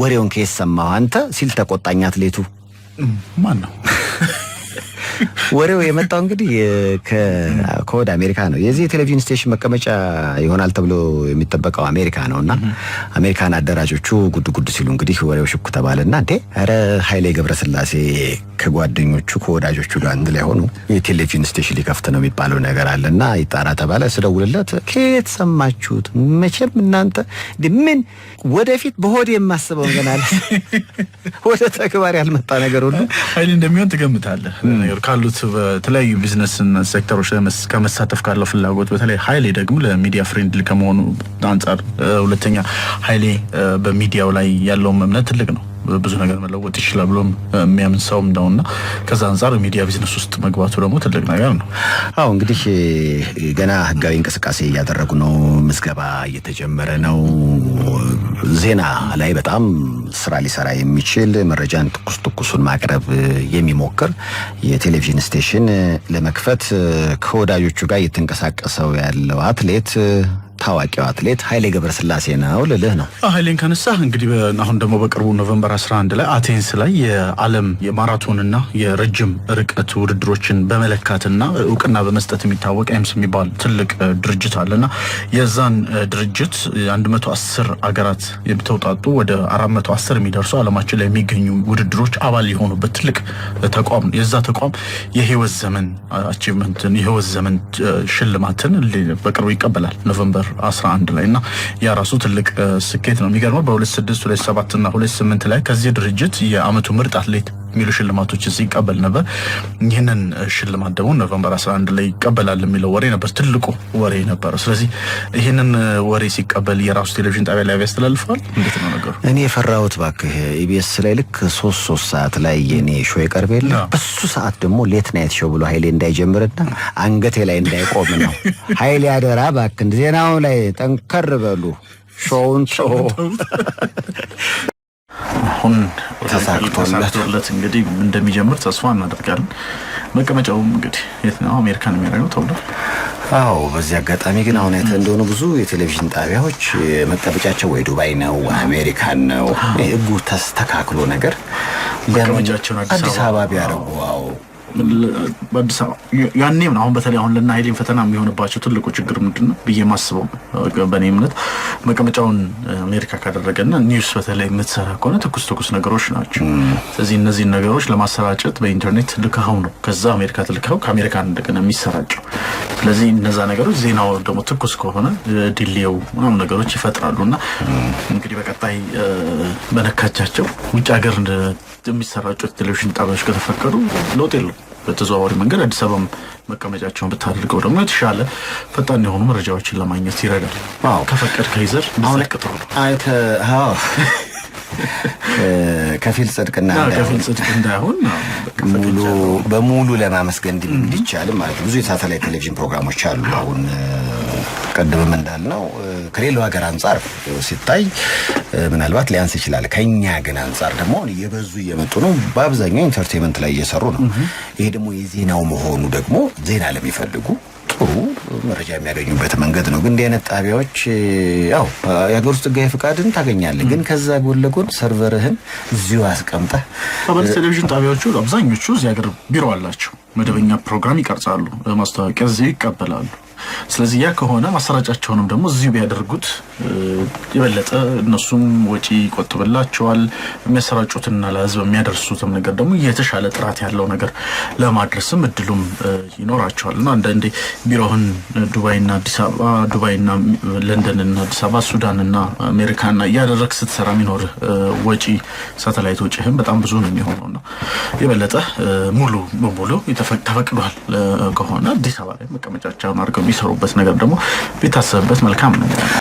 ወሬውን ከየት አንተ ሲል ተቆጣኝ አትሌቱ። ማን ነው? ወሬው የመጣው እንግዲህ ከወደ አሜሪካ ነው። የዚህ የቴሌቪዥን ስቴሽን መቀመጫ ይሆናል ተብሎ የሚጠበቀው አሜሪካ ነው እና አሜሪካን አደራጆቹ ጉድ ጉድ ሲሉ እንግዲህ ወሬው ሽኩ ተባለና እንዴ ኧረ ኃይሌ ገብረስላሴ ከጓደኞቹ ከወዳጆቹ ጋር አንድ ላይ ሆኑ የቴሌቪዥን ስቴሽን ሊከፍት ነው የሚባለው ነገር አለና ይጣራ ተባለ። ስደውልለት ከየት ሰማችሁት? መቼም እናንተ ምን ወደፊት በሆድ የማስበው ገና ወደ ተግባር ያልመጣ ነገር ሁሉ ኃይሌ እንደሚሆን ትገምታለህ ነገሩ ካሉት በተለያዩ ቢዝነስ ሴክተሮች ከመሳተፍ ካለው ፍላጎት በተለይ ሀይሌ ደግሞ ለሚዲያ ፍሬንድ ከመሆኑ አንጻር፣ ሁለተኛ ሀይሌ በሚዲያው ላይ ያለውን እምነት ትልቅ ነው። ብዙ ነገር መለወጥ ይችላል ብሎም የሚያምን ሰውም ነው እና ከዛ አንጻር ሚዲያ ቢዝነስ ውስጥ መግባቱ ደግሞ ትልቅ ነገር ነው። አዎ እንግዲህ ገና ህጋዊ እንቅስቃሴ እያደረጉ ነው። ምዝገባ እየተጀመረ ነው። ዜና ላይ በጣም ስራ ሊሰራ የሚችል መረጃን ትኩስ ትኩሱን ማቅረብ የሚሞክር የቴሌቪዥን ስቴሽን ለመክፈት ከወዳጆቹ ጋር እየተንቀሳቀሰው ያለው አትሌት ታዋቂው አትሌት ኃይሌ ገብረስላሴ ነው ልልህ ነው። ኃይሌን ከነሳ እንግዲህ አሁን ደግሞ በቅርቡ ኖቨምበር 11 ላይ አቴንስ ላይ የዓለም የማራቶንና የረጅም ርቀት ውድድሮችን በመለካትና እውቅና በመስጠት የሚታወቅ ኤምስ የሚባል ትልቅ ድርጅት አለና የዛን ድርጅት 110 አገራት የተውጣጡ ወደ 410 የሚደርሱ አለማችን ላይ የሚገኙ ውድድሮች አባል የሆኑበት ትልቅ ተቋም ነው። የዛ ተቋም የህይወት ዘመን አቺቭመንትን የህይወት ዘመን ሽልማትን በቅርቡ ይቀበላል ኖቨምበር 11 ላይ እና ያ ራሱ ትልቅ ስኬት ነው። የሚገርመው በ26 27 እና 28 ላይ ከዚህ ድርጅት የአመቱ ምርጥ አትሌት የሚሉ ሽልማቶችን ሲቀበል ነበር። ይህንን ሽልማት ደግሞ ኖቨምበር 11 ላይ ይቀበላል የሚለው ወሬ ነበር፣ ትልቁ ወሬ ነበረው። ስለዚህ ይህንን ወሬ ሲቀበል የራሱ ቴሌቪዥን ጣቢያ ላይ ያስተላልፈዋል። እንዴት ነው ነገሩ? እኔ የፈራሁት እባክህ ኢቢኤስ ላይ ልክ ሶስት ሶስት ሰዓት ላይ የኔ ሾ ይቀርብ የለ በሱ ሰዓት ደግሞ ሌት ናይት ሾው ብሎ ሀይሌ እንዳይጀምርና አንገቴ ላይ እንዳይቆም ነው። ሀይሌ አደራ እባክህ ዜናው ላይ ጠንከር በሉ ሾውን አሁን ተሳክቶለት እንግዲህ እንደሚጀምር ተስፋ እናደርጋለን። መቀመጫውም እንግዲህ የት ነው? አሜሪካን የሚያደርገው ተብሎ አዎ። በዚህ አጋጣሚ ግን አሁን አይተህ እንደሆነ ብዙ የቴሌቪዥን ጣቢያዎች መቀመጫቸው ወይ ዱባይ ነው አሜሪካን ነው። ህጉ ተስተካክሎ ነገር አዲስ አበባ ቢያደርጉ አዎ በአዲስ አበባ ያኔም አሁን በተለይ አሁን ለእነ ሀይሌን ፈተና የሚሆንባቸው ትልቁ ችግር ምንድን ነው ብዬ ማስበው በእኔ እምነት መቀመጫውን አሜሪካ ካደረገና ኒውስ በተለይ የምትሰራ ከሆነ ትኩስ ትኩስ ነገሮች ናቸው። ስለዚህ እነዚህን ነገሮች ለማሰራጨት በኢንተርኔት ልካኸው ነው ከዛ አሜሪካ ትልካኸው ከአሜሪካ እንደገና የሚሰራጨው። ስለዚህ እነዛ ነገሮች ዜናው ደግሞ ትኩስ ከሆነ ድሌው ምናምን ነገሮች ይፈጥራሉ እና እንግዲህ በቀጣይ በነካቻቸው ውጭ ሀገር የሚሰራጩት ቴሌቪዥን ጣቢያዎች ከተፈቀዱ ለውጥ የለውም። በተዘዋዋሪ መንገድ አዲስ አበባ መቀመጫቸውን ብታደርገው ደግሞ የተሻለ ፈጣን የሆኑ መረጃዎችን ለማግኘት ይረዳል። ከፈቀድ ከይዘር ቅጥሩ ከፊል ጽድቅና ከፊል ጽድቅ እንዳይሆን በሙሉ ለማመስገን እንዲቻልም ማለት ብዙ የሳተላይት ቴሌቪዥን ፕሮግራሞች አሉ አሁን አስቀድምም እንዳልነው ከሌላው ሀገር አንጻር ሲታይ ምናልባት ሊያንስ ይችላል። ከኛ ግን አንጻር ደግሞ እየበዙ እየመጡ ነው። በአብዛኛው ኢንተርቴንመንት ላይ እየሰሩ ነው። ይሄ ደግሞ የዜናው መሆኑ ደግሞ ዜና ለሚፈልጉ ጥሩ መረጃ የሚያገኙበት መንገድ ነው። ግን እንዲህ አይነት ጣቢያዎች ያው የሀገር ውስጥ ሕጋዊ ፍቃድን ታገኛለህ፣ ግን ከዛ ጎን ለጎን ሰርቨርህን እዚሁ አስቀምጠህ በበለ ቴሌቪዥን ጣቢያዎቹ አብዛኞቹ እዚህ ሀገር ቢሮ አላቸው። መደበኛ ፕሮግራም ይቀርጻሉ፣ ማስታወቂያ እዚህ ይቀበላሉ። ስለዚህ ያ ከሆነ ማሰራጫቸውንም ደግሞ እዚሁ ቢያደርጉት የበለጠ እነሱም ወጪ ይቆጥብላቸዋል። የሚያሰራጩትና ለህዝብ የሚያደርሱትም ነገር ደግሞ የተሻለ ጥራት ያለው ነገር ለማድረስም እድሉም ይኖራቸዋል እና አንዳንዴ ቢሮህን ዱባይና አዲስ አበባ ዱባይና ለንደንና አዲስ አበባ ሱዳንና አሜሪካና እያደረግ ስትሰራ የሚኖር ወጪ ሳተላይት ወጪህም በጣም ብዙ ነው የሚሆነው ነው የበለጠ ሙሉ በሙሉ ተፈቅዷል ከሆነ አዲስ አበባ ላይ መቀመጫቸውን አድርገው የሚሰሩ የሰሩበት ነገር ደግሞ ቢታሰብበት መልካም ነው።